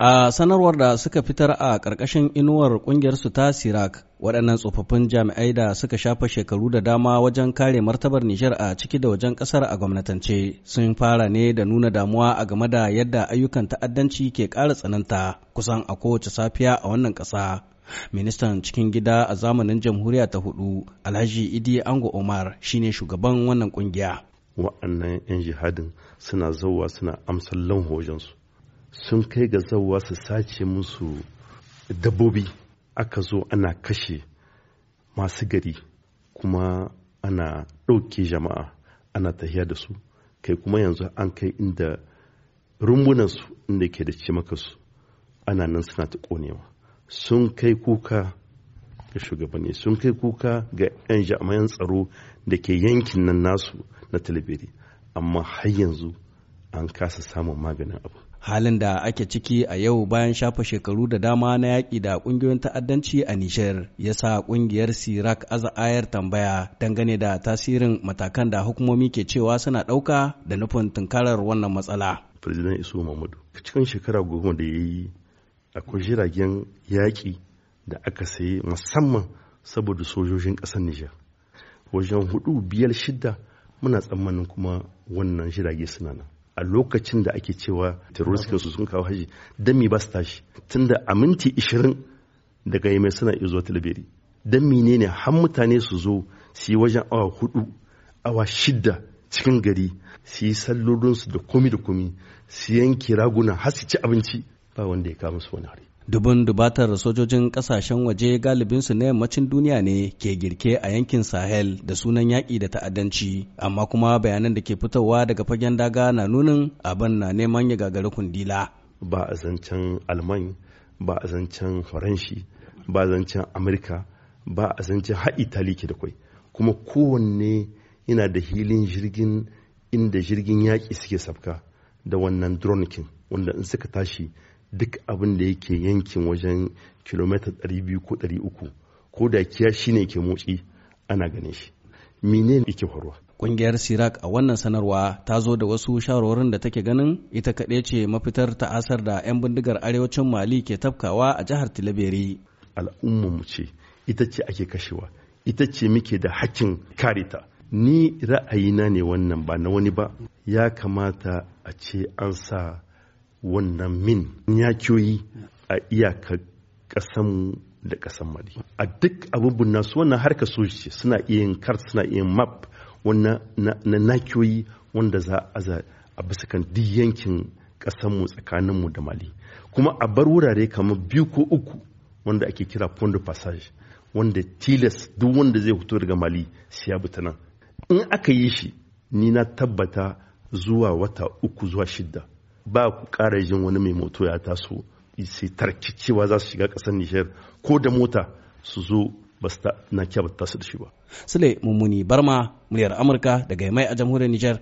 A sanarwar da suka fitar a ƙarƙashin inuwar ƙungiyarsu ta Sirak, waɗannan tsofaffin jami'ai da suka shafa shekaru da dama wajen kare martabar Nijar a ciki da wajen ƙasar a gwamnatance sun fara ne da nuna damuwa a game da yadda ayyukan ta'addanci ke ƙara tsananta kusan a kowace safiya a wannan ƙasa. Ministan cikin gida a zamanin jamhuriya ta hudu, Alhaji Idi Ango Omar shine shugaban wannan ƙungiya. Wa'annan 'yan jihadin suna zauwa suna amsan lanhojansu. sun kai ga zauwa su sace musu dabbobi aka zo ana kashe masu gari kuma ana ɗauke jama'a ana tahiya da su kai kuma yanzu an kai inda rumbunansu inda ke da ce su ana nan suna ta ƙonewa sun kai kuka ga shugabanni sun kai kuka ga 'yan jami'an tsaro da ke yankin nan nasu na talibiri amma har yanzu an kasa samun maganin abu halin da ake ciki a yau bayan shafa shekaru da dama na yaƙi da ƙungiyoyin ta'addanci a Nijar ya sa ƙungiyar Sirak aza'ayar tambaya dangane da tasirin matakan da hukumomi ke cewa suna ɗauka da nufin tunkarar wannan matsala. Firjinan Isu Muhammadu cikin shekara goma da ya yi akwai jiragen yaƙi da aka sayi musamman saboda sojojin ƙasar Nijar. Wajen hudu biyar shidda muna tsammanin kuma wannan jirage suna nan. a lokacin da ake cewa terrorist su sun kawo haji dan mi ba su tashi tunda a minti 20 daga yamai suna iya zuwa talabiri ne ne har mutane su zo su yi wajen awa hudu awa shidda cikin gari su yi sallolinsu da komi da komi su yanki raguna har su ci abinci ba wanda ya kama su wani hari dubun dubatar sojojin kasashen waje galibinsu na yammacin duniya ne ke girke a yankin sahel da sunan yaƙi da ta'addanci amma kuma bayanan da ke fitowa daga fagen daga na nunin abin na neman ya gagari kundila ba a zancen alman ba a zancen faranshi ba a zancen amurka ba a zancen har itali ke da kwai kuma kowanne yana da hilin jirgin inda jirgin yaƙi suke sabka da wannan drone wanda in suka tashi duk abin da yake yankin wajen kilomita 200 ko 300 ko da kiya ne ke motsi ana ganin shi mene yake faruwa Ƙungiyar Sirak a wannan sanarwa ta zo da wasu shawarwarin da take ganin ita kaɗe ce mafitar ta'asar da 'yan bindigar arewacin Mali ke tafkawa a jihar Tilaberi. mu ce, ita ce ake kashewa, ita ce muke da hakkin karita. Ni ra'ayina ne wannan ba na wani ba, ya kamata a ce an sa wannan min yakiyoyi a iyakar ƙasanmu da ƙasan mali a duk abubuwan nasu wannan harka soji suna iya yin kart suna iya yin map wannan na nakiyoyi wanda za a bisa kan duk yankin ƙasanmu tsakaninmu da mali kuma a bar wurare kamar biyu ko uku wanda ake kira point de passage wanda tilas duk wanda zai fito daga mali sai ya nan in aka yi shi ni na tabbata zuwa wata uku zuwa shidda ba ku ƙara jin wani mai moto ya taso sai cewa za su shiga ƙasar Nijar ko da mota su zo ba su na kyabata su da shi ba. Sule Mummuni Barma, muryar Amurka daga mai a jamhuriyar Nijar.